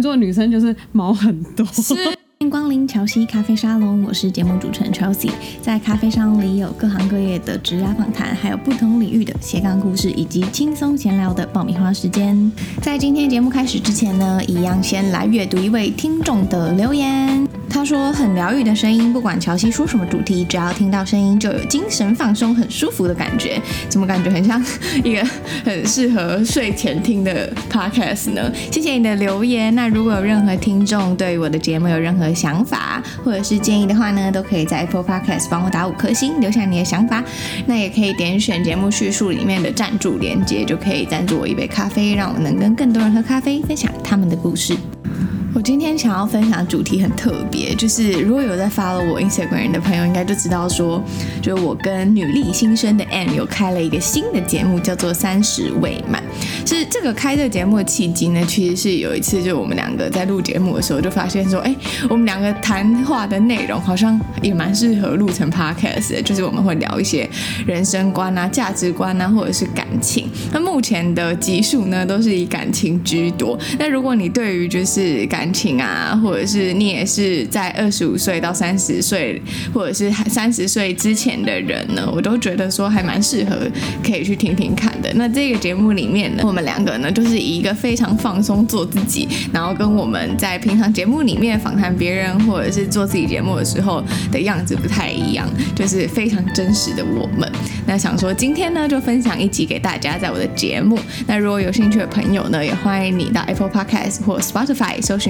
做女生就是毛很多。光臨喬西咖啡沙龍，我是節目主持人喬西。在咖啡商裡有各行各業的職涯訪談，還有不同領域的斜槓故事，以及輕鬆閒聊的爆米花時間。在今天節目開始之前呢，一樣先來閱讀一位聽眾的留言。他說：“很療癒的聲音，不管喬西說什麼主題，只要聽到聲音就有精神放鬆、很舒服的感覺。怎麼感覺很像一個很適合睡前聽的 Podcast 呢？”謝謝你的留言。那如果有任何聽眾對我的節目有任何，想法或者是建議的話呢，都可以在 Apple Podcast 幫我打五顆星，留下你的想法。那也可以點選節目敘述裡面的贊助連結，就可以贊助我一杯咖啡，讓我能跟更多人喝咖啡，分享他們的故事。我今天想要分享的主題很特別，就是如果有在 follow 我 Instagram 的朋友，應該就知道說，就是我跟女力心聲的 Anne 有開了一個新的節目，叫做三十未滿。是這個開這個節目的契機呢，其實是有一次，就我們兩個在錄節目的時候，就發現說，哎、欸，我們兩個談話的內容好像也蠻適合錄成 Podcast 的，就是我們會聊一些人生觀啊、價值觀啊，或者是感情。那目前的集數呢，都是以感情居多。那如果你對於就是感感情啊，或者是你也是在二十五歲到三十歲，或者是三十歲之前的人呢，我都覺得說還蠻適合可以去聽聽看的。那這個節目裡面呢，我們兩個呢，就是以一個非常放鬆做自己，然後跟我們在平常節目裡面訪談別人或者是做自己節目的時候的樣子不太一樣，就是非常真實的我們。那想說今天呢，就分享一集給大家，在我的節目。那如果有興趣的朋友呢，也歡迎你到 Apple Podcast 或 Spotify 搜尋。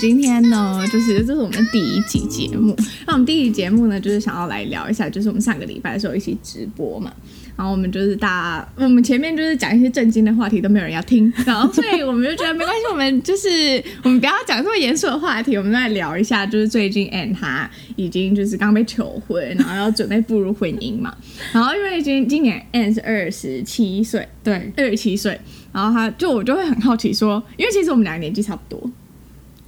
今天呢，就是這、就是我們第一集節目。那我們第一集節目呢，就是想要來聊一下，就是我們上個禮拜的時候一起直播嘛。然後我們就是大家，我們前面就是講一些正經的話題，都沒有人要聽。然後所以我們就覺得沒關係，我們就是我們不要講這麼嚴肅的話題，我們就來聊一下，就是最近 Anne 他已經就是剛被求婚，然後要準備步入婚姻嘛。然後因為今今年 Anne 是二十七歲，對，二十七歲。然後他就我就會很好奇說，因為其實我們兩個年紀差不多。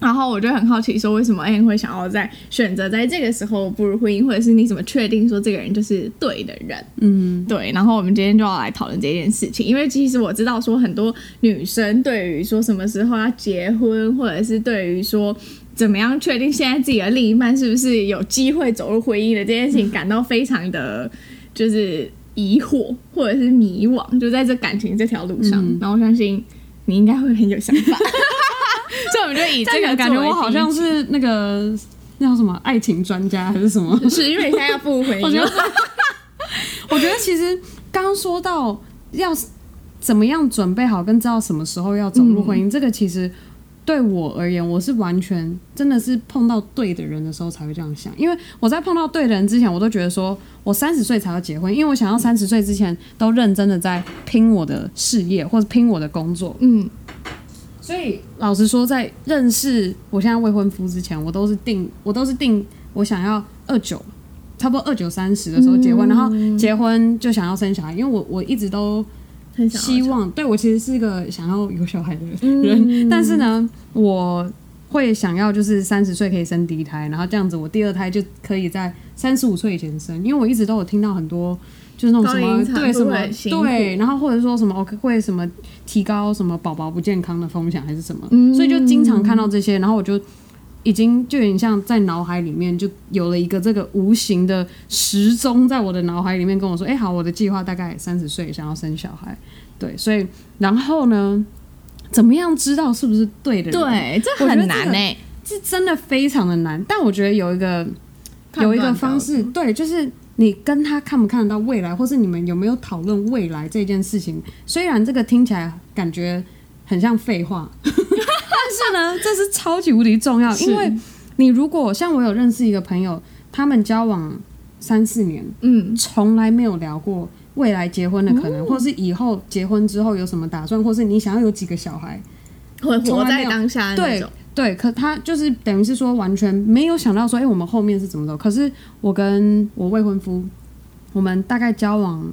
然後我就很好奇，說為什麼 Anne 會想要在選擇在這個時候步入婚姻，或者是你怎麼確定說這個人就是對的人？嗯，對。然後我們今天就要來討論這件事情，因為其實我知道說很多女生對於說什麼時候要結婚，或者是對於說怎麼樣確定現在自己的另一半是不是有機會走入婚姻的這件事情，感到非常的就是疑惑或者是迷惘，就在這感情這條路上。嗯，然後相信你應該會很有想法。 所以我覺得以這個感覺，我好像是那個叫什麼愛情專家還是什麼？是因為你現在要步入婚姻。我覺得其實剛說到要怎麼樣準備好，跟知道什麼時候要走入婚姻，嗯、這個其實對我而言，我是完全真的是碰到對的人的時候才會這樣想。因為我在碰到對的人之前，我都覺得說我三十歲才要結婚，因為我想要三十歲之前都認真的在拼我的事業或是拼我的工作。嗯。所以，老實說，在認識我現在未婚夫之前，我都是定，我都是定，我想要二九，差不多二九三十的時候結婚，嗯、然後結婚就想要生小孩，因為我我一直都很希望，很想好想，對我其實是一個想要有小孩的人，嗯嗯但是呢，我會想要就是三十歲可以生第一胎，然後這樣子我第二胎就可以在三十五歲以前生，因為我一直都有聽到很多。就是那種什麼對什麼對，然後或者說什麼我會什麼提高什麼寶寶不健康的風險還是什麼，所以就經常看到這些，然後我就已經就有點像在腦海裡面就有了一個這個無形的時鐘，在我的腦海裡面跟我說：“欸，好，我的計劃大概三十歲想要生小孩。”對，所以然後呢，怎麼樣知道是不是對的？對，這很難誒、欸，是真的非常的難。但我覺得有一個有一個方式，對，就是。你跟他看不看得到未來，或是你們有沒有討論未來這件事情？雖然這個聽起來感覺很像廢話，但是呢， 這是超級無敵重要。是因為你如果像我有認識一個朋友，他們交往三四年，嗯，從來沒有聊過未來結婚的可能，嗯、或是以後結婚之後有什麼打算，或是你想要有幾個小孩，很活在當下那種。對，可他就是等於是說，完全沒有想到說，哎、欸，我們後面是怎麼走。可是我跟我未婚夫，我們大概交往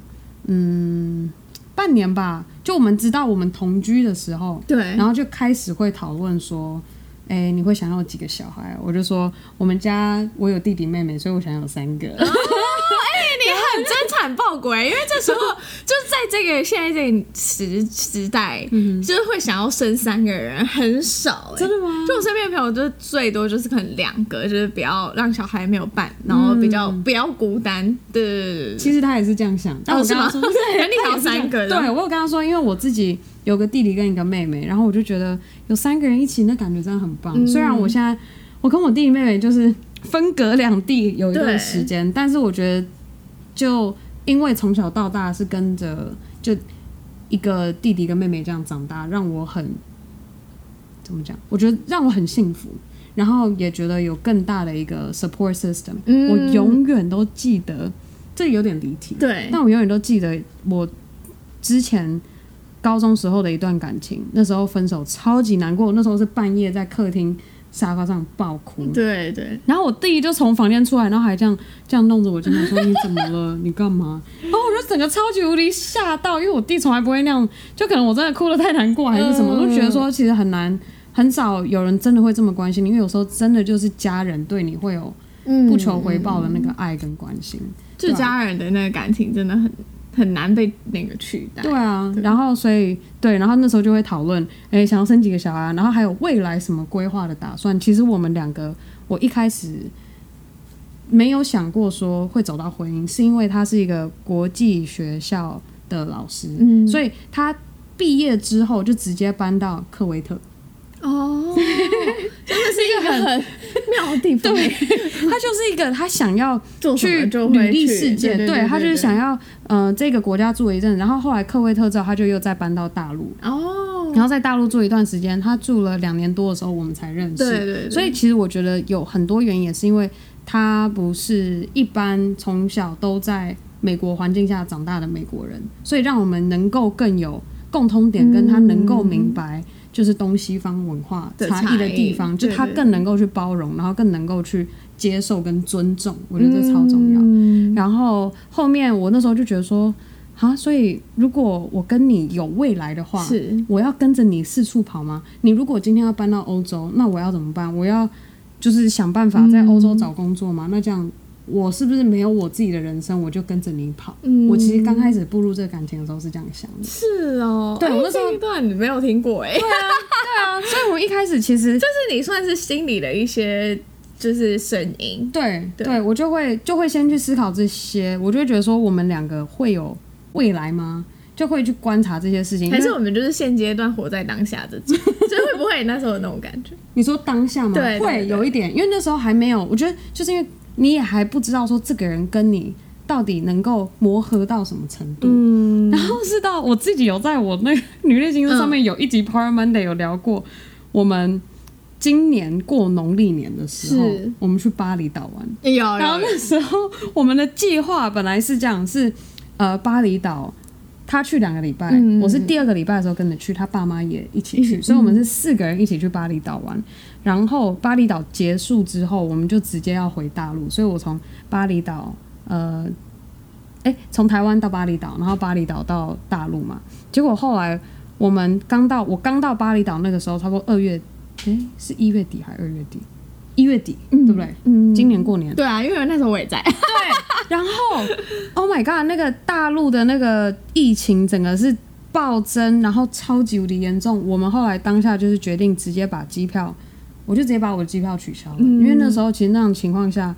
嗯半年吧，就我們知道我們同居的時候，對，然後就開始會討論說，哎、欸，你會想要幾個小孩？我就說，我們家我有弟弟妹妹，所以我想要三個。 也很真慘爆過、欸、因為這時候就在這個現在這個時代，嗯，就是會想要生三個人很少、欸、真的嗎？就我身邊的朋友，就是最多就是可能兩個，就是不要讓小孩沒有伴，然後比較不要孤單，對，其實他也是這樣想，但、啊、我跟他說、就：“不是，你好嗎，想要三個。對，我有跟他說，因為我自己有個弟弟跟一個妹妹，然後我就覺得有三個人一起，那感覺真的很棒。嗯、雖然我現在我跟我弟弟妹妹就是分隔兩地有一段時間，對但是我覺得。就因為從小到大是跟着就一個弟弟跟妹妹這樣長大，讓我很怎麼講？我覺得讓我很幸福，然後也覺得有更大的一個 support system。嗯。我永遠都記得，這有點離題。對，但我永遠都記得我之前高中時候的一段感情，那時候分手超級難過。那時候是半夜在客廳。沙發上爆哭，對對，然後我弟就從房間出來，然後還這樣這樣弄着我，就說你怎麼了， 你幹嘛？然、哦、後我就整個超級無敵嚇到，因為我弟從來不會那樣，就可能我真的哭得太難過還是什麼，就、呃、覺得說其實很難，很少有人真的會這麼關心你，因為有時候真的就是家人對你會有不求回報的那個愛跟關心，嗯、對就家人的那個感情真的很。很難被那個取代？對啊，對，然後所以對，然後那時候就會討論，哎，想要生幾個小孩，然後還有未來什麼規劃的打算。其實我們兩個，我一開始沒有想過說會走到婚姻，是因為他是一個國際學校的老師，嗯、所以他畢業之後就直接搬到科威特。哦，真的 是一個很。妙的地方，對， 他就是一個他想要去美麗世界，對，對，對，對，對，對，對，他就是想要嗯、呃、這個國家住一陣子，然後後來科威特之後他就又再搬到大陸、哦、然後在大陸住一段時間，他住了兩年多的時候我們才認識，對對，對，所以其實我覺得有很多原因，也是因為他不是一般從小都在美國環境下長大的美國人，所以讓我們能夠更有共通點，跟他能夠明白。嗯就是東西方文化差異的地方，才就他更能夠去包容，對對，然後更能夠去接受跟尊重，我覺得這超重要。嗯、然後後面我那時候就覺得說，哈，所以如果我跟你有未來的話，是我要跟着你四處跑嗎？你如果今天要搬到歐洲，那我要怎麼辦？我要就是想辦法在歐洲找工作嗎？嗯、那這樣。我是不是沒有我自己的人生，我就跟着你跑？我其實剛開始步入這個感情的時候是這樣想的。是哦，對我那時候一段沒有聽過誒。對啊，對啊，所以我一開始其實就是你算是心裡的一些就是聲音。對，對我就會就會先去思考這些，我就會覺得說我們兩個會有未來嗎？就會去觀察這些事情。還是我們就是現階段活在當下這種，這會不會那時候有那種感覺？你說當下嗎？對，會有一點，因為那時候還沒有，我覺得就是因為。你也還不知道說這個人跟你到底能夠磨合到什麼程度，嗯、然後是到我自己有在我那個女力心聲上面有一集《p a r a m o n t 有聊過，我們今年過農曆年的時候，是我們去巴厘島玩。有有有，然後那時候我們的計劃本來是這樣，是呃巴厘島。他去兩個禮拜，我是第二個禮拜的時候跟着去，他爸媽也一起去，所以我們是四個人一起去巴厘島玩。然後巴厘島結束之後，我們就直接要回大陸，所以我從巴厘島，呃，哎、欸，從台灣到巴厘島，然後巴厘島到大陸嘛。結果後來我們剛到，我剛到巴厘島那個時候，差不多二月，哎、欸，是一月底還是二月底？一月底，嗯、對不對？今年過年、嗯。對啊，因為那時候我也在。對， 然後，Oh my God，那個大陸的那個疫情整個是暴增，然後超級無敵嚴重。我們後來當下就是決定直接把機票，我就直接把我的機票取消了，嗯、因為那時候其實那種情況下，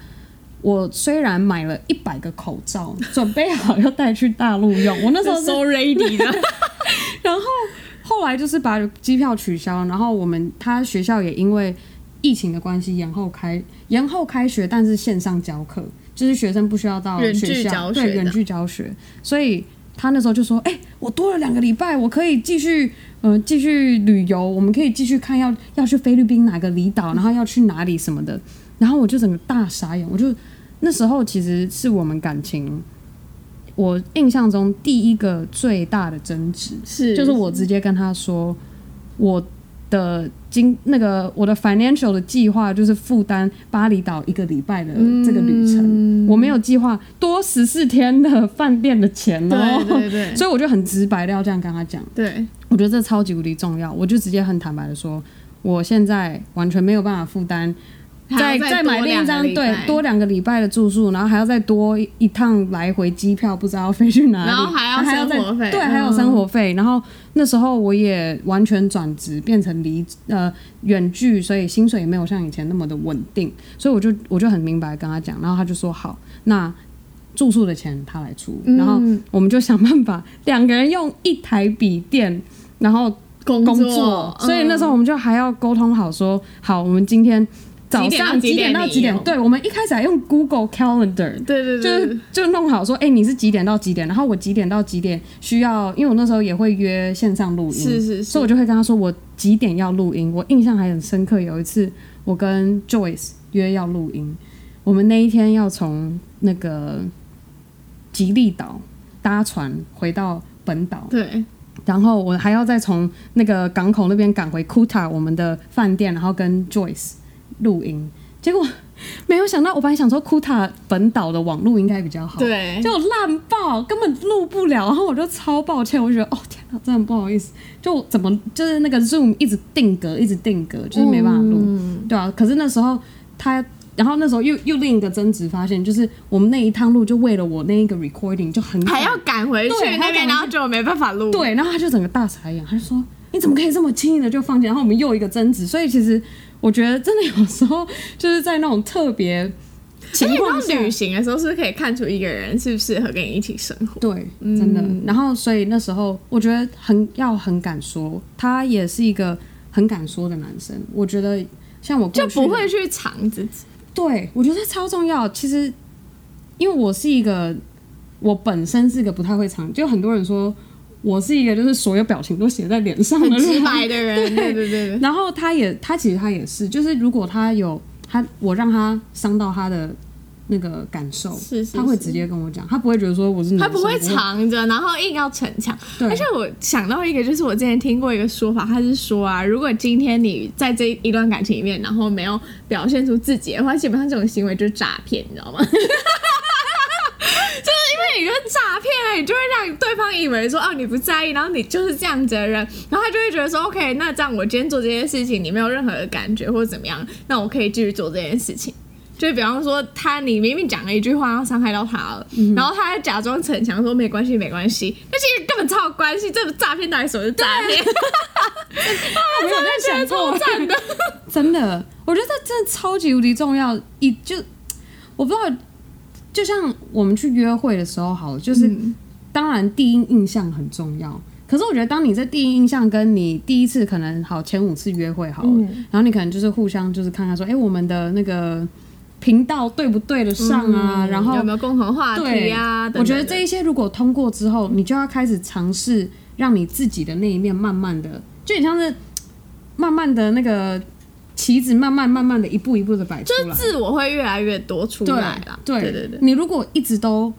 我雖然買了一百個口罩，準備好要帶去大陸用，我那時候 so ready 的。就是、 然後後來就是把機票取消，然後我們他學校也因為。疫情的關係延後開延後開學，但是線上教課，就是學生不需要到學校，遠距教、教學。所以他那時候就說：“哎、欸，我多了兩個禮拜，我可以繼續，呃，繼續旅遊。我們可以繼續看要要去菲律賓哪個離島，然後要去哪裡什麼的。”然後我就整個大傻眼，我就那時候其實是我們感情，我印象中第一個最大的爭執是、是，就是我直接跟他說我。的金，那個我的 financial 的計劃就是負擔巴厘島一個禮拜的這個旅程，嗯、我沒有計劃多十四天的飯店的錢哦，對對，對 所以我就很直白的要這樣跟他講。對，我覺得這超級無敵重要，我就直接很坦白的說，我現在完全沒有辦法負擔。再再買另一張，對，多兩個禮拜的住宿，然後還要再多一趟來回機票，不知道要飛去哪裡，然後還要還要再對，還有生活費。然後那時候我也完全轉職，變成離呃遠距，所以薪水也沒有像以前那麼的穩定，所以我就我就很明白跟他講，然後他就說好，那住宿的錢他來出，然後我們就想辦法兩個人用一台筆電，然後工作，所以那時候我們就還要溝通好說好，我們今天。早上幾點，幾點到幾點？對。有我們一開始還用 Google Calendar，對對對，就是就弄好說，哎、欸，你是幾點到幾點？然後我幾點到幾點需要？因為我那時候也會約線上錄音，是是是，所以我就會跟他說我幾點要錄音。我印象還很深刻，有一次我跟 Joyce 約要錄音，我們那一天要從那個吉利島搭船回到本島，對，然後我還要再從那個港口那邊趕回 Kuta 我們的飯店，然後跟 Joyce。錄音，結果沒有想到，我本來想說庫塔本島的網路應該比較好，對，就爛爆，根本錄不了。然後我就超抱歉，我覺得哦天哪，真的不好意思。就怎麼就是那個 Zoom 一直定格，一直定格，就是沒辦法錄，嗯、對啊，可是那時候他，然後那時候又又另一個爭執，發現就是我們那一趟路就為了我那一個 recording 就很快還要趕回去對然後就沒辦法錄。對，然後他就整個大傻眼，他就說你怎麼可以這麼輕易的就放棄？然後我們又一個爭執，所以其實。我覺得真的有時候就是在那種特別情況下旅行的時候，是可以看出一個人是不是適合跟你一起生活。對，真的。嗯、然後，所以那時候我覺得很要很敢說，他也是一個很敢說的男生。我覺得像我就不會去藏自己。對，我覺得超重要。其實，因為我是一個，我本身是一個不太會藏，就很多人說。我是一個就是所有表情都寫在臉上的很直白的人，對,對對對。然後他也，他其實他也是，就是如果他有他，我讓他傷到他的那個感受，是,是,是，他會直接跟我講，他不會覺得說我是女，他不會藏着，會然後硬要逞強。對而且我想到一個，就是我之前聽過一個說法，他是說啊，如果今天你在這一段感情裡面，然後沒有表現出自己的話，基本上這種行為就是詐騙，你知道嗎？ 你就是詐騙哎，你就會讓對方以為說啊、哦，你不在意，然後你就是這樣子的人，然後他就會覺得說，OK，那這樣我今天做這件事情，你沒有任何的感覺或者怎麼樣，那我可以繼續做這件事情。就比方說，他你明明講了一句話，要傷害到他了，然後他還假裝逞強說沒關係，沒關係，但是根本超關係，這個詐騙到底什麼是詐騙？我沒有在想錯站的，真的，我覺得這真的超級無敵重， 重要，一就我不知道。就像我們去約會的時候，好了，就是當然第一印象很重要。嗯、可是我覺得，當你這第一印象跟你第一次可能好前五次約會，好了，嗯、然後你可能就是互相就是看看說，哎、欸，我們的那個頻道對不對得上啊？嗯、然後有沒有共同話題呀？我覺得這一些如果通過之後，你就要開始嘗試讓你自己的那一面慢慢的，就你像是慢慢的那個。棋子，慢慢慢慢的一步一步的擺出來，就是自我會越來越多出來的。對對對，你如果一直都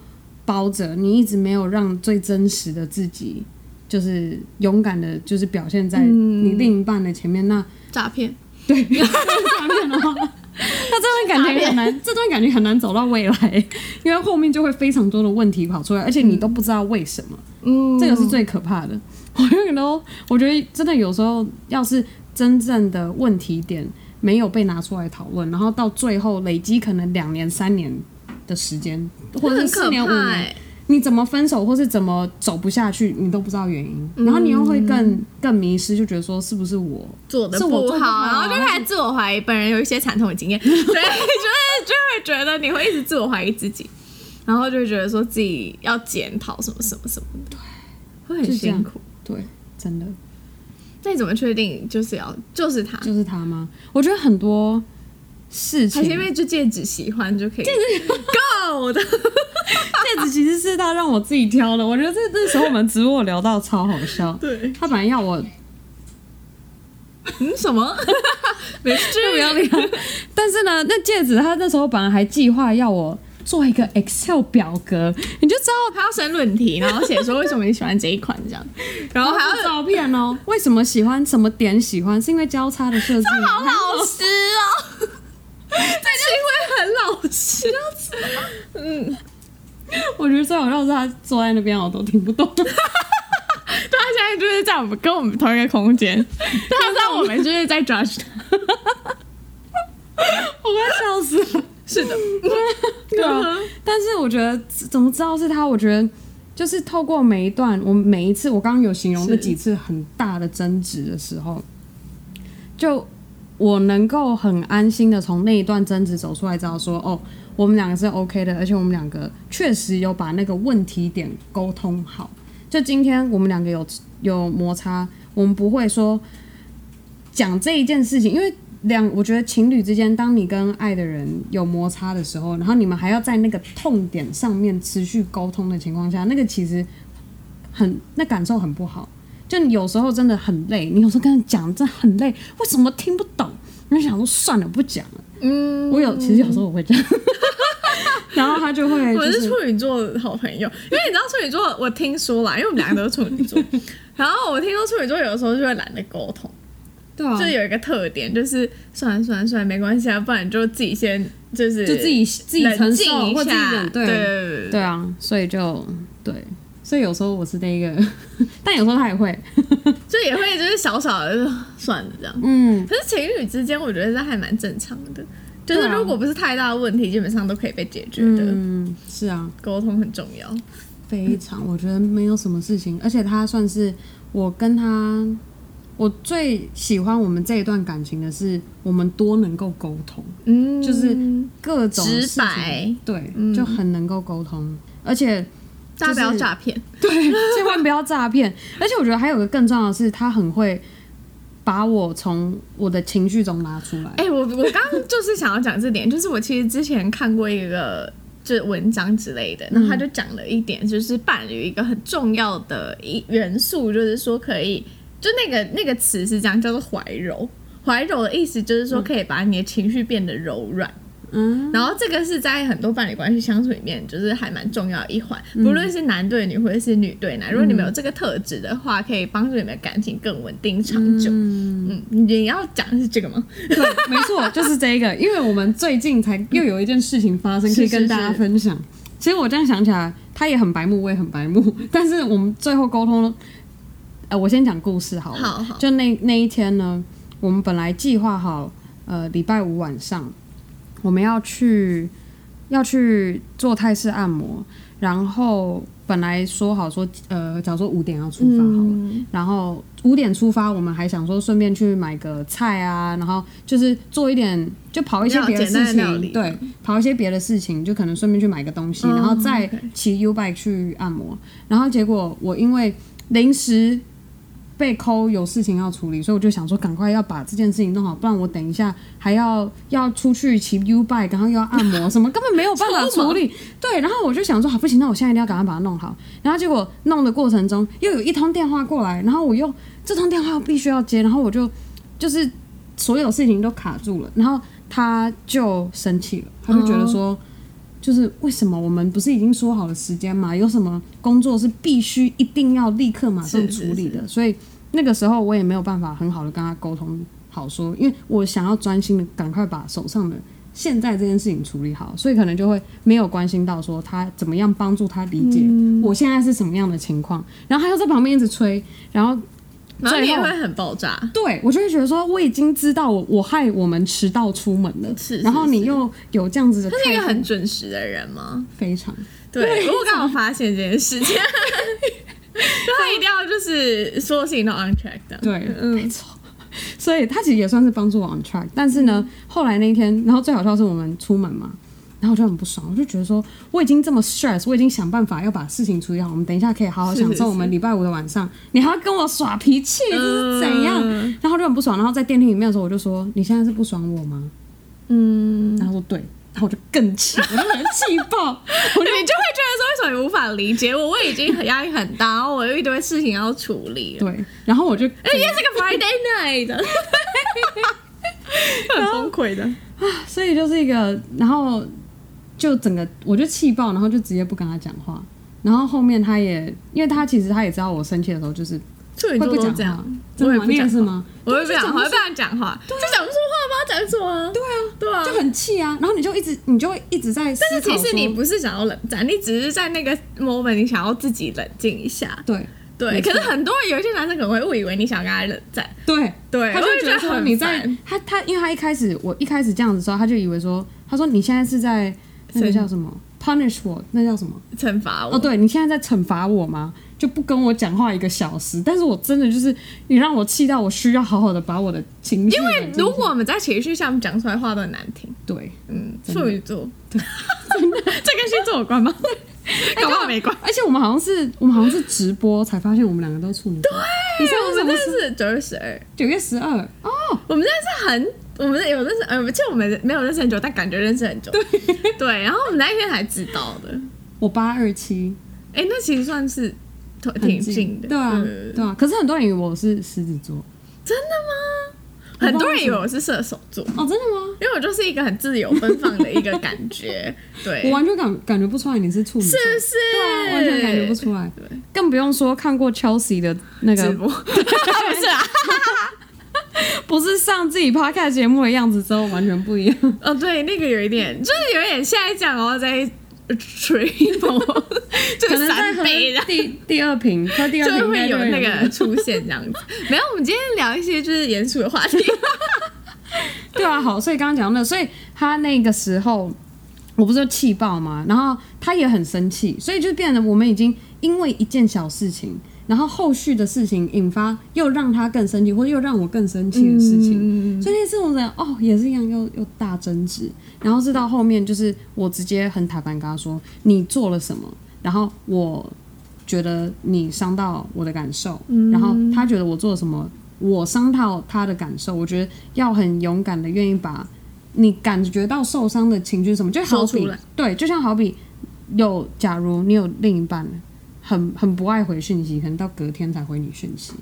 包着，你一直沒有讓最真實的自己，就是勇敢的，就是表現在你另一半的前面，那詐騙、嗯、對詐騙了。那這段感情很難，這段感情很難走到未來，因為後面就會非常多的問題跑出來，而且你都不知道為什麼。嗯，這個是最可怕的。我永遠都，我覺得真的有時候要是。真正的問題點沒有被拿出來討論，然後到最後累積可能兩年、三年的時間，或者是四年、五年，欸、你怎麼分手，或是怎麼走不下去，你都不知道原因，嗯、然後你又會更更迷失，就覺得說是不是我做的不好，做不好啊、然後就開始自我懷疑。本人有一些慘痛的經驗， 對，就是就會覺得你會一直自我懷疑自己，然後就覺得說自己要檢討什麼什麼什麼的，對，會很辛苦，對，真的。那你怎麼確定就是要就是他？就是他嗎？我覺得很多事情，還是因為就戒指喜歡就可以。戒指 g o 戒指其實是他讓我自己挑的。我覺得這這時候我們直播聊到超好笑。對，他本來要我，嗯什麼？ 沒事，不要你看。但是呢，那戒指他那時候本來還計劃要我。做一個 Excel 表格，你就知道他要寫論題，然後寫說為什麼你喜歡這一款這樣， 然後還要照片哦、喔，為什麼喜歡什麼點喜歡，是因為交叉的設計，他好老實哦、喔， 對，就是因為很老實。嗯，我覺得最好笑是他坐在那邊，我都聽不懂。 他現在就是在我們跟我們同一個空間， 他在我們就是在 judge 他，我快笑死了。是的，對啊，但是我覺得怎麼知道是他？我覺得就是透過每一段，我們每一次我剛剛有形容這幾次很大的爭執的時候，是就我能夠很安心的從那一段爭執走出來，知道說哦，我們兩個是 OK 的，而且我們兩個確實有把那個問題點溝通好。就今天我們兩個有有摩擦，我們不會說講這一件事情，因為。兩，我覺得情侶之間，當你跟愛的人有摩擦的時候，然後你們還要在那個痛點上面持續溝通的情況下，那個其實很，那感受很不好。就你有時候真的很累，你有時候跟他講，真的很累，為什麼聽不懂？你想說算了，不講了。嗯，我有，其實有時候我會這樣， 然後他就會、就是。我是處女座的好朋友，因為你知道處女座，我聽說啦， 因為我們兩個都是處女座，然後我聽說處女座有的時候就會懶得溝通。對啊、就有一個特點，就是算了算了算了，沒關係啊，不然你就自己先就是就自己自己承受一下，對對對對，對啊，所以就對，所以有時候我是那個，但有時候他也會，就也會就是小小的算了這樣，嗯， 可是情侶之間我覺得這還蠻正常的，就是如果不是太大的問題，啊、基本上都可以被解決的，嗯，是啊，溝通很重要，非常，我覺得沒有什麼事情，嗯、而且他算是我跟他。我最喜歡我們這一段感情的是，我們多能夠溝通，嗯，就是各種直白，對，嗯、就很能夠溝通，嗯、而且、就是、大家不要詐騙，對，千萬不要詐騙， 而且我覺得還有一個更重要的是，他很會把我從我的情緒中拿出來。哎、欸，我我剛剛就是想要講這點， 就是我其實之前看過一個就是文章之類的，那他就講了一點，就是伴侶一個很重要的一元素，就是說可以。就那個那個詞是這樣，叫做“懷柔”。懷柔的意思就是說，可以把你的情緒變得柔軟。嗯。然後這個是在很多伴侶關係相處裡面，就是還蠻重要的一環。嗯、不論是男對女，或者是女對男，嗯、如果你們有這個特質的話，可以幫助你們感情更穩定長久。嗯,嗯。你要講是這個嗎？對， 沒錯，就是這個。因為我們最近才又有一件事情發生，可以、嗯、跟大家分享。是是是其實我這樣想起來，他也很白目，我也很白目，但是我們最後溝通。哎、呃，我先講故事好了。好，好，就那那一天呢，我們本來計劃好，呃，禮拜五晚上我們要去要去做泰式按摩，然後本來說好說，呃，假如說五點要出發好了。嗯、然後五點出發，我們還想說順便去買個菜啊，然後就是做一點，就跑一些別的事情，對，跑一些別的事情，就可能順便去買個東西，哦、然後再騎 U bike 去按摩。哦 okay、然後結果我因為臨時，被扣有事情要處理，所以我就想說，趕快要把這件事情弄好，不然我等一下還要要出去騎 U bike，然後又要按摩什麼，根本沒有辦法處理。啊、對，然後我就想說，好，不行，那我現在一定要趕快把它弄好。然後結果弄的過程中，又有一通電話過來，然後我又這通電話我必須要接，然後我就就是所有事情都卡住了。然後他就生氣了，他就覺得說。哦就是為什麼我們不是已經說好了時間嘛？有什麼工作是必須一定要立刻馬上處理的？是是是，所以那個時候我也沒有辦法很好的跟他溝通好說，因為我想要專心的趕快把手上的現在這件事情處理好，所以可能就會沒有關心到說他怎麼樣幫助他理解我現在是什麼樣的情況，然後他又在旁邊一直催，然後。然後你也會很爆炸，對，我就會覺得說我已經知道我我害我們遲到出門了，是是是，然後你又有這樣子的態度，是一個很準時的人嗎？非常對，對如果剛好發現這件事情， 他一定要就是所有事情都 on track 的，對，嗯、沒錯，所以他其實也算是幫助我 on track，但是呢，嗯、後來那一天，然後最好笑是我們出門嘛。然後就很不爽，我就覺得說，我已經這麼 stress，我已經想辦法要把事情處理好。我們等一下可以好好享受我們禮拜五的晚上，是是是，你還要跟我耍脾氣，這是怎樣？嗯、然後就很不爽。然後在電梯裡面的時候，我就說：“你現在是不爽我嗎？”嗯，然後說對，然後我就更氣，我就很氣爆， 我就你就會覺得說，為什麼你無法理解我？我已經很壓力很大，然後 我有一堆事情要處理。對，然後我就哎，又是個 Friday night，很崩潰的啊，所以就是一個然後。就整個我就氣爆，然後就直接不跟他講話。然後後面他也，因為他其實他也知道我生氣的時候就是會不講這樣。真的嗎？你也是嗎？我會不講，我會這樣講話，就講不出話，我幫他講什麼？對啊，對啊，就很氣啊。然後你就一直，你就會一直在。但是其實你不是想要冷戰，你只是在那個 moment 你想要自己冷靜一下。對對。可是很多有一些男生可能會誤以為你想跟他冷戰。對對。他就覺得說你在他他，因為他一開始我一開始這樣子說，他就以為說他說你現在是在。那叫什麼？punish 我？那叫什麼？懲罰我？哦，對，你現在在懲罰我嗎？就不跟我講話一個小時？但是我真的就是你讓我氣到我需要好好的把我的情緒，因為如果我們在情緒下面講出來話都很難聽。對，嗯，處女座，對。這跟星座有關嗎？搞不好沒關。而且我們好像是我們好像是直播才發現我們兩個都是處女座。對，你是我們？不是九月十二，九月十二。哦。我們真的是很，我們有認識，呃，就我們沒有認識很久，但感覺認識很久。對，然後我們那一天才知道的。我八二七，哎，那其實算是挺近的，對啊對啊。可是很多人以為我是獅子座，真的嗎？很多人以為我是射手座，哦，真的嗎？因為我就是一個很自由奔放的一個感覺，對。我完全感感覺不出來你是處女座是，是我完全感覺不出來，對。更不用說看過 Chelsea 的那個直播，不是啊。不是上自己 Podcast 節目的樣子，之後完全不一樣。嗯，oh, 對，那個有一點，就是有點下一然後在吹， 可能在喝第第二瓶，它，第二瓶就會有那個出現 這樣子。沒有，我們今天聊一些就是嚴肅的話題。 對啊，好，所以剛剛講到那，所以他那個時候我不是說氣爆嘛，然後他也很生氣，所以就變得我們已經因為一件小事情。然後後續的事情引發，又讓他更生氣，或又讓我更生氣的事情，嗯、所以這種人哦也是一樣，又又大爭執。然後是到後面，就是我直接很坦白跟他說，你做了什麼，然後我覺得你傷到我的感受，嗯、然後他覺得我做了什麼，我傷到他的感受。我覺得要很勇敢的願意把你感覺到受傷的情緒什麼，就好比，說出來。對，就像好比有假如你有另一半。很很不愛回訊息，可能到隔天才回你訊息，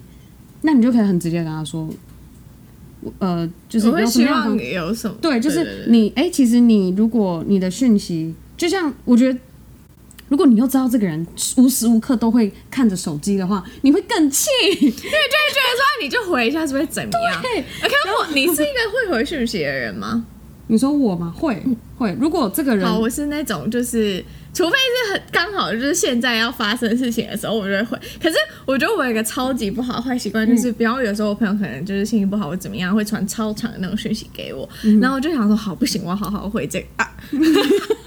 那你就可以很直接跟他說，呃就是我會希望有什麼對，對，對，對，對，就是你哎、欸，其實你如果你的訊息，就像我覺得，如果你又知道這個人無時無刻都會看着手機的話，你會更氣，因為就會覺得說 你就回一下，是不是怎麼樣？OK 對我 你是一個會回訊息的人嗎？你說我嗎？會會。如果這個人，好，我是那種就是。除非是很剛好，就是現在要發生事情的時候，我就會回。可是我覺得我有一個超級不好的壞習慣，就是不要。有時候我朋友可能就是心情不好，或怎麼樣會傳超長的那種訊息給我，嗯、然後我就想說好不行，我好好回這個、啊， 我就說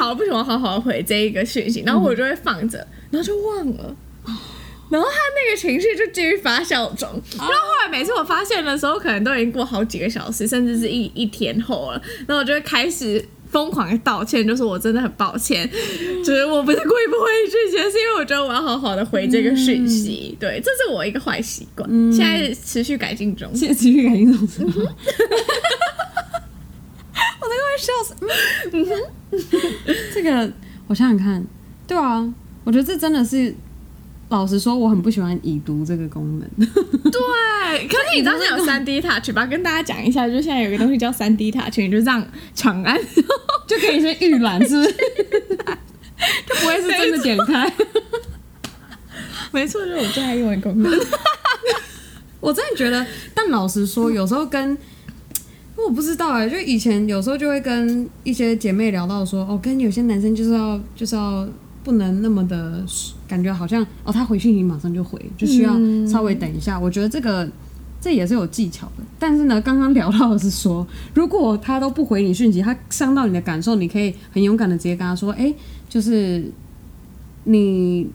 好不行，我好好回這一個訊息，然後我就會放着，然後就忘了，然後他那個情緒就繼續發酵中。嗯、然後後來每次我發現的時候，可能都已經過好幾個小時，甚至是一一天後了，然後我就會開始。瘋狂的道歉，就是我真的很抱歉，就是我不是故意不回你信息，是因為我覺得我要好好的回這個訊息。嗯、對，這是我一個壞習慣，嗯、現在持續改進中。現在持續改進中，哈哈哈哈哈哈！ 我都要笑死。嗯哼， 這個我想想看，對啊，我覺得這真的是。老實說，我很不喜歡已讀這個功能。對，可是你當時有三 D Touch 吧？跟大家講一下，就現在有個東西叫三 D Touch，你就這樣長按就可以先預覽，是不是？沒 不會是真的點開。沒錯錯， 就是我最愛用的功能。 我真的覺得，但老實說，有時候跟……我不知道啊、欸，就以前有時候就會跟一些姐妹聊到說，哦，跟有些男生就是要就是要不能那麼的。感覺好像哦，他回信你馬上就回，就需要稍微等一下。嗯、我覺得這個這也是有技巧的。但是呢，剛剛聊到的是說，如果他都不回你訊息，他傷到你的感受，你可以很勇敢的直接跟他說：“哎、欸，就是你，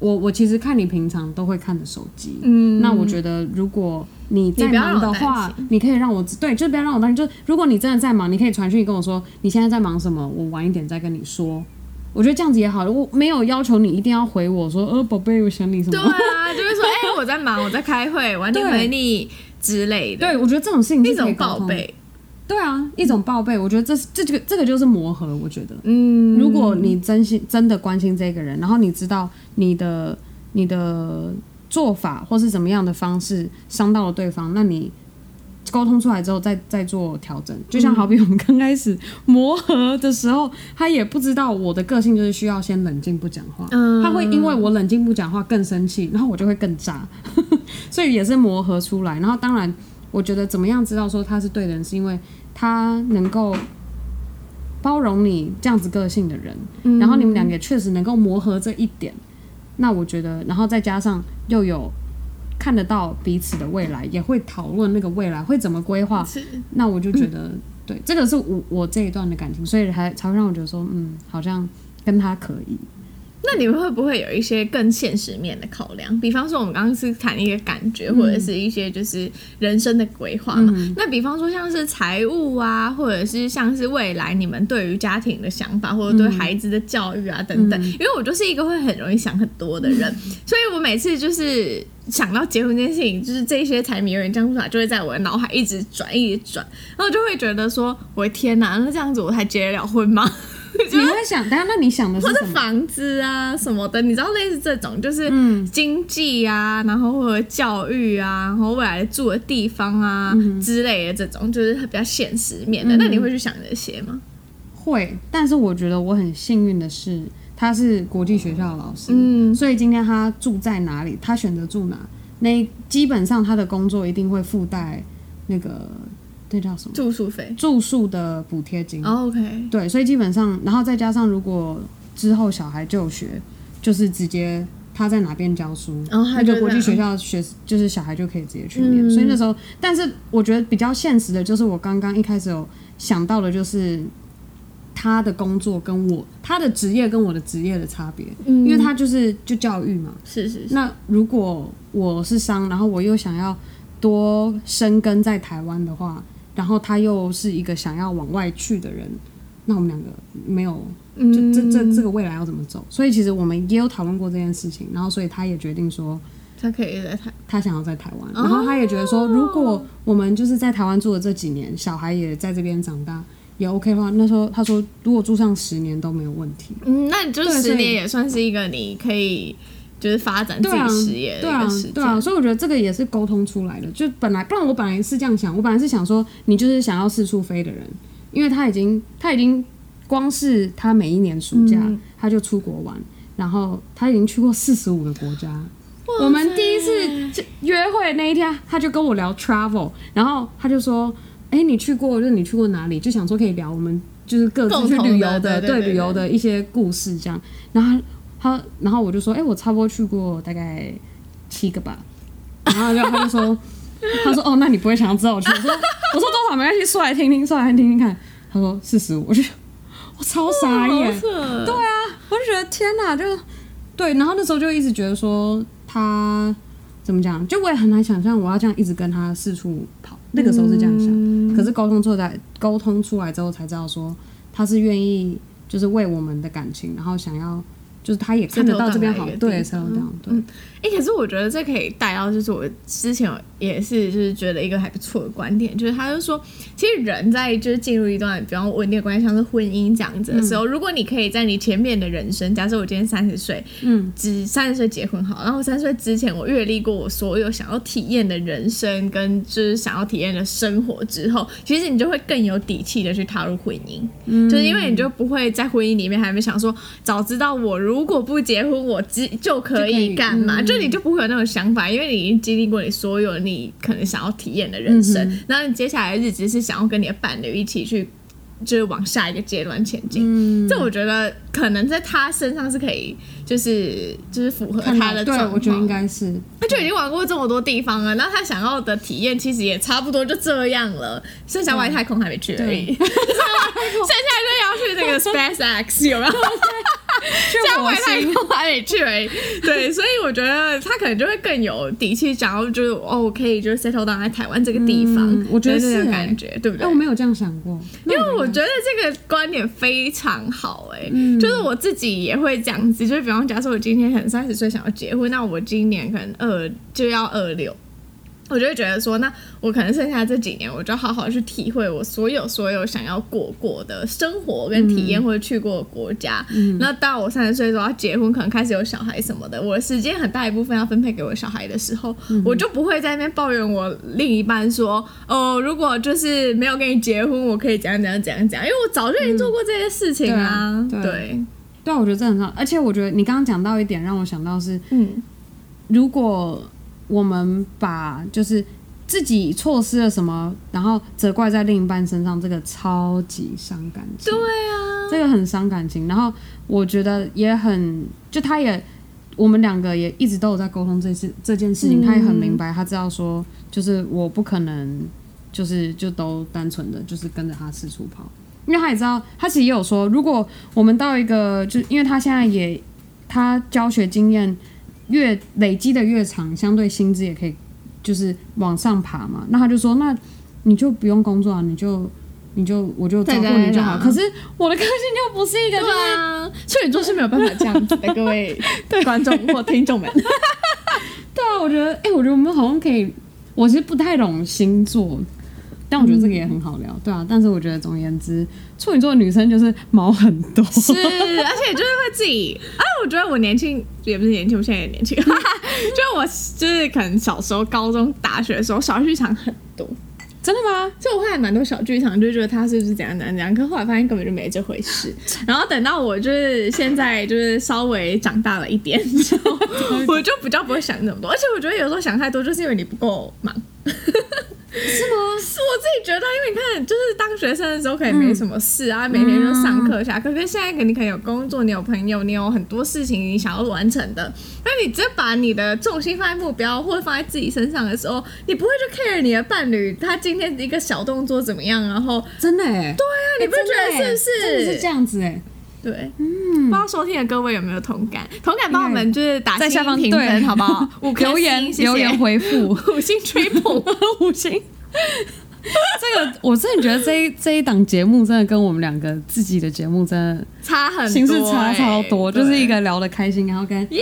我我其實看你平常都會看着手機，嗯，那我覺得如果你在忙的話，你，你可以讓我對，就不要讓我擔心。就如果你真的在忙，你可以傳訊跟我說你現在在忙什麼，我晚一點再跟你說。”我覺得這樣子也好，如果我沒有要求你一定要回我說，呃，寶貝，我想你什麼？對啊，就是說，哎、欸，我在忙，我在開會，完全沒你，回你 對之類的。對，我覺得這種事情是一種報備，對啊，一種報備。我覺得這是這個這個就是磨合。我覺得，嗯，如果你真心真的關心這個人，然後你知道你的你的做法或是怎麼樣的方式傷到了對方，那你。溝通出來之後再，再再做調整。就像好比我們剛開始磨合的時候，嗯、他也不知道我的個性就是需要先冷靜不講話。嗯，他會因為我冷靜不講話更生氣，然後我就會更炸。 所以也是磨合出來。然後當然，我覺得怎麼樣知道說他是對的人，是因為他能夠包容你這樣子個性的人。嗯、然後你們兩個也確實能夠磨合這一點。那我覺得，然後再加上又有。看得到彼此的未來，也會討論那個未來會怎麼規劃。 那我就覺得，對，這個是我我這一段的感情，所以才才會讓我覺得說，嗯，好像跟他可以。那你們會不會有一些更現實面的考量？比方說，我們剛剛是談一個感覺，嗯、或者是一些就是人生的規劃嘛。嗯、那比方說，像是財務啊，或者是像是未來你們對於家庭的想法，或者對孩子的教育啊等等。嗯嗯、因為我就是一個會很容易想很多的人，嗯、所以我每次就是想到結婚這件事情，就是這些柴米油鹽醬醋茶就會在我的腦海一直轉，一直轉，然後就會覺得說：我的天哪，啊，那這樣子我才結得了婚嗎？你會想，對。那你想的是什麼？是房子啊什麼的，你知道類似這種，就是經濟啊，然後或者教育啊，然後未來住的地方啊、嗯、哼之類的這種，就是比較現實面的。嗯、哼那你會去想這些嗎？會，但是我覺得我很幸運的是，他是國際學校的老師，哦、嗯，所以今天他住在哪裡，他選擇住哪，那基本上他的工作一定會附帶那個。這叫什麼？住宿費、住宿的補貼金。Oh, OK。對，所以基本上，然後再加上，如果之後小孩就學，就是直接他在哪邊教書，oh, 那就國際學校學，就是小孩就可以直接去念。嗯、所以那時候，但是我覺得比較現實的就是，我剛剛一開始有想到的就是，他的工作跟我，他的職業跟我的職業的差別，嗯、因為他就是就教育嘛。是是是。那如果我是商，然後我又想要多深耕在台灣的話。然後他又是一個想要往外去的人，那我們兩個沒有，就這這這個未來要怎麼走？所以其實我們也有討論過這件事情，然後所以他也決定說，他可以在台，他想要在台灣，然後他也覺得說，如果我們就是在台灣住的這幾年，哦、小孩也在這邊長大也 OK 的話，那時候他說，如果住上十年都沒有問題，嗯，那就十年也算是一個你可以，就是發展這樣，事業。對啊，對啊，對啊，所以我覺得這個也是溝通出來的。就本來，不然我本來是這樣想，我本來是想說，你就是想要四處飛的人，因為他已經，他已經光是他每一年暑假、嗯、他就出國玩，然後他已經去過四十五個國家。哇塞。我們第一次就約會那一天，他就跟我聊 travel，然後他就說：“哎，你去過，就是你去過哪裡？”就想說可以聊我們就是各自去旅遊的，的對對對對對，對旅遊的一些故事這樣，然後他……他，然後我就說：“哎、欸，我差不多去過大概七個吧。”然後就他就說：“ 他說哦，那你不會想要知道我去？”我說：“我說多少沒關係，說來聽來聽，說來聽聽看，看。”他說：“四十五。”我就我超傻眼，哦、對啊，我就覺得天哪、啊，就對。然後那時候就一直覺得說他怎麼講，就我也很難想象我要這樣一直跟他四處跑。嗯、那個時候是這樣想，可是溝通之後溝通出來之後才知道說他是願意就是為我們的感情，然後想要。就是他也看得到這邊好是一對，看得到對。哎、嗯欸，可是我覺得這可以帶到，就是我之前也是就是覺得一個還不錯的觀點，就是他就說，其實人在就是進入一段比較穩定的關係，像是婚姻這樣子的時候，嗯、如果你可以在你前面的人生，假設我今天三十歲，嗯，只三十歲結婚好，然後三十歲之前我閱歷過我所有想要體驗的人生跟就是想要體驗的生活之後，其實你就會更有底氣的去踏入婚姻，嗯、就是因為你就不會在婚姻裡面還沒想說，早知道我如果如果不結婚我，我只就可以幹嘛？就，嗯、就你就不會有那種想法，因為你已經經歷過你所有你可能想要體驗的人生。嗯、哼然後你接下來的日子是想要跟你的伴侶一起去，就是往下一個階段前進。嗯、這我覺得可能在他身上是可以，就是就是符合他的。對，我覺得應該是他就已經玩過這麼多地方了，然後他想要的體驗其實也差不多就這樣了，剩下外太空還沒去而已。 剩下就要去那個 SpaceX 有沒有？ 回去，樣外太空還去哎，對，所以我覺得他可能就會更有底氣想要就是哦，可以就是 settle down 在台灣、嗯、這個地方，我覺得是、欸、這樣感覺，對不對？但我沒有這樣想過，因為我覺得這個觀點非常好哎、欸，嗯、就是我自己也會這樣子，就是比方假設我今天很三十歲想要結婚，那我今年可能二就要二六。我就會覺得說，那我可能剩下這幾年，我就好好去體會我所有所有想要過過的生活跟體驗，或者去過的國家。嗯嗯、那到我三十歲時候結婚，可能開始有小孩什麼的，我的時間很大一部分要分配給我小孩的時候，嗯、我就不會在那邊抱怨我另一半說：“嗯、哦，如果就是沒有跟你結婚，我可以怎樣怎樣怎樣怎樣。”因為我早就已經做過這些事情啊。嗯、對，啊對，對，對，我覺得這很重要。而且我覺得你剛剛講到一點，讓我想到是，嗯，如果。我們把就是自己錯失了什麼，然後責怪在另一半身上，這個超級傷感情。對啊，這個很傷感情。然後我覺得也很，就他也，我們兩個也一直都有在溝通這事。這件事情，嗯、他也很明白，他知道說，就是我不可能，就是就都單純的就是跟着他四處跑，因為他也知道，他其實也有說，如果我們到一個，就因為他現在也他教學經驗。越累積的越長，相對薪資也可以，就是往上爬嘛。那他就說，那你就不用工作啊，你就你就我就照顧你就好。對對對對，可是我的個性就不是一個嘛、就是，處女座是沒有辦法這樣子的， 各位對觀眾或聽眾們。 對啊，我覺得，哎，我覺得我們好像可以。我是不太懂星座。但我覺得這個也很好聊，嗯、對啊。但是我覺得，總而言之，處女座的女生就是毛很多，是，而且就是會自己。哎、 啊，我覺得我年輕也不是年輕，我現在也年輕、嗯，就我就是可能小時候、高中、大學的時候小劇場很多，真的嗎？就我看也蠻多小劇場，就覺得他是不是怎樣怎樣怎樣？可後來發現根本就沒這回事。然後等到我就是現在就是稍微長大了一點， 後我就比較不會想那麼多。而且我覺得有時候想太多，就是因為你不夠忙。 是嗎？是我自己覺得，因為你看，就是當學生的時候，可以沒什麼事、嗯、啊，每天就上課下課。可是現在，肯定可以有工作，你有朋友，你有很多事情你想要完成的。那你只要把你的重心放在目標，或者放在自己身上的時候，你不會去 care 你的伴侶他今天的一個小動作怎麼樣，然後真的、欸，對啊，你不覺得是不是真、欸？真的是這樣子哎、欸。對，不知道收聽的各位有沒有同感？同感幫我們就是打在下方評論，好不好？五留言，謝謝留言回復，五星吹捧， 五星。 五星這個我真的覺得這一 這一檔節目真的跟我們兩個自己的節目真的差很多、欸，形式差超多，對就是一個聊得開心，然後跟邊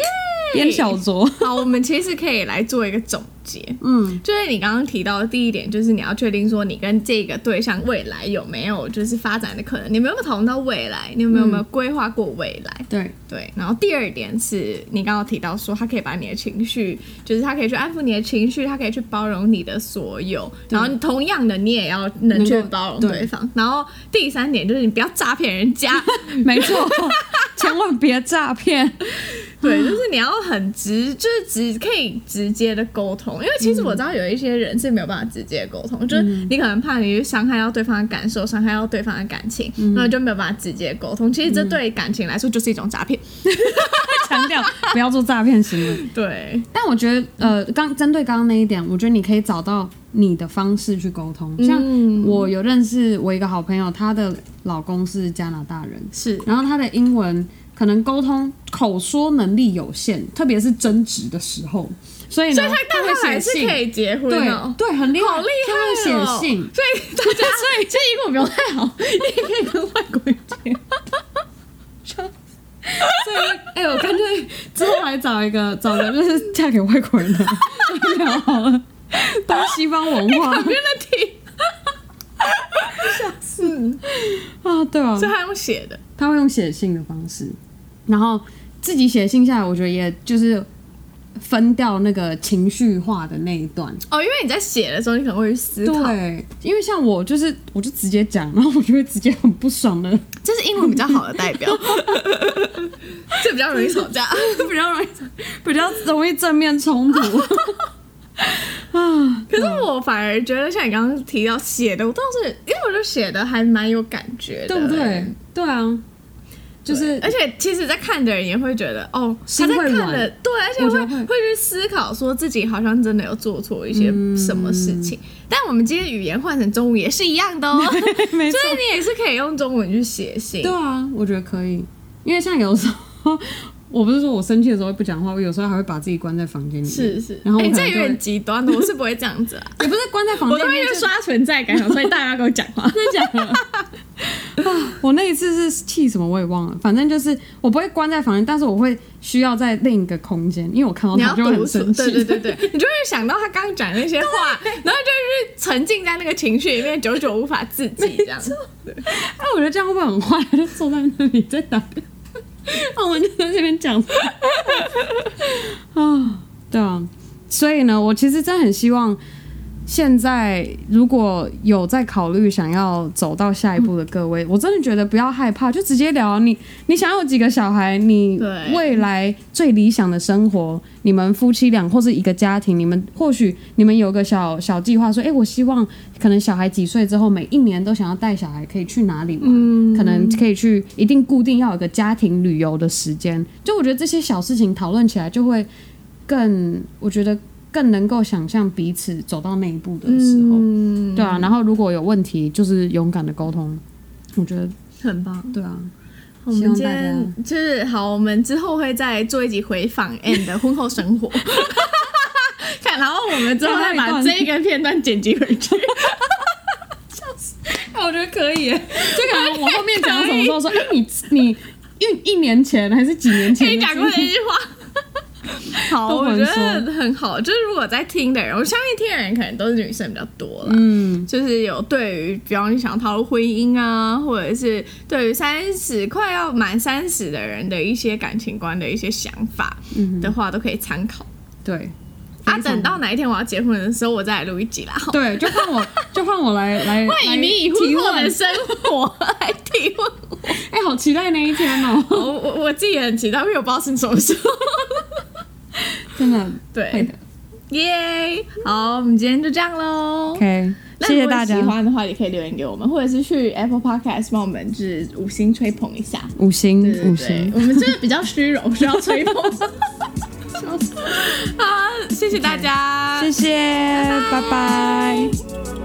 Yeah! 小酌。好，我們其實可以來做一個總。嗯，就是你剛剛提到的第一點，就是你要確定說你跟這個對象未來有沒有就是發展的可能，你有沒有討論到未來？你有沒有沒有規劃過未來？嗯、對對。然後第二點是你剛剛提到說他可以把你的情緒，就是他可以去安撫你的情緒，他可以去包容你的所有。對然後同樣的，你也要能夠包容對方。對，然後第三點就是你不要詐騙人家， 沒錯錯， 千萬別詐騙。對，就是你要很直，就是直可以直接的溝通。因為其實我知道有一些人是沒有辦法直接溝通，嗯、就是你可能怕你傷害到對方的感受，傷、嗯、害到對方的感情，嗯、那就沒有辦法直接溝通。嗯、其實這對感情來說就是一種詐騙，強調、嗯、 不要做詐騙行為。對，但我覺得呃，剛針對剛剛那一點，我覺得你可以找到你的方式去溝通。像我有認識我一個好朋友，她的老公是加拿大人，是，然後她的英文可能溝通口說能力有限，特別是爭執的時候。所以，所以他大概還是可以結婚的，對，很厲害，好厲害哦。所以，所以，這一個我沒有太好，因為可以跟外國人結。所以，哎，我乾脆之後來找一個，找人就是嫁給外國人的，這樣好了。東西方文化，哈哈哈哈哈哈。下次啊，對啊，所以他用寫的，他會用寫信的方式，然後自己寫信下來，我覺得也就是。分掉那個情緒化的那一段哦，因為你在寫的時候，你可能會去思考。對，因為像我就是，我就直接講，然後我就會直接很不爽的。這是英文比較好的代表，這 比較容易吵架， 比較容易， 比較容易，比較容易正面衝突。啊， 可是我反而覺得，像你剛剛提到寫的，我倒是因為我就寫的還蠻有感覺，對不對？對啊。對就是，而且其實，在看的人也會覺得，哦，他在看的，對，而且會會，會去思考，說自己好像真的有做錯一些什麼事情。嗯，但我們今天語言換成中文也是一樣的，哦，所以你也是可以用中文去寫信。對啊，我覺得可以，因為像有時候。我不是說我生氣的時候不講話，我有時候還會把自己關在房間裡面。是是，然後你、欸、這有點極端的，我是不會這樣子、啊。 也不是關在房間、就是，我因為要刷存在感， 所以大家要跟我講話。真的假的。 啊，我那一次是氣什麼我也忘了，反正就是我不會關在房間，但是我會需要在另一個空間，因為我看到他就會很生氣。對對對對， 你就會想到他剛講那些話， 然後就是沉浸在那個情緒裡面，久久無法自己這樣。那錯對、啊、我覺得這樣會不會很壞？就坐在那裡在打。哦、我們就在這邊講啊，對啊，所以呢，我其實真的很希望。現在如果有在考慮想要走到下一步的各位，嗯、我真的覺得不要害怕，就直接聊。你你想要有幾個小孩？你未來最理想的生活，對你們夫妻倆或是一個家庭，你們或許你們有個小小計劃，說，誒、欸，我希望可能小孩幾歲之後，每一年都想要帶小孩可以去哪裡玩？嗯、可能可以去，一定固定要有個家庭旅遊的時間。就我覺得這些小事情討論起來就會更，我覺得。更能夠想象彼此走到那一步的時候，嗯、對啊。然後如果有問題，就是勇敢的溝通，我覺得很棒。對啊，我們就是好，我們之後會再做一集回訪，and 婚後生活。 看，然後我們之後再把這一個片段剪輯回去。笑死！ 那我覺得可以耶，就可能往後面講什麼時候說，哎，你你一，因一年前還是幾年前，欸，你講過的一句話。好，我覺得很好。就是如果在聽的人，我相信聽的人可能都是女生比較多了。嗯，就是有對於比方你想踏入婚姻啊，或者是對於三十快要滿三十的人的一些感情觀的一些想法的話，嗯、哼都可以參考。對，啊，等到哪一天我要結婚的時候，我再來錄一集啦。對，就換我，就換我來 來，以你以後的生活 來提問我。哎、欸，好期待那一天哦、喔！我我我自己也很期待，因為我不知道是什麼時候。 真的對，耶、yeah,！好，我們今天就這樣嘍。OK，那如果大家喜歡的話，也可以留言給我們，或者是去 Apple Podcast 幫我們去五星吹捧一下，五星五星。我們真的比較虛榮，需 要吹捧。笑死！好，謝謝大家，okay, 謝謝，拜拜。拜拜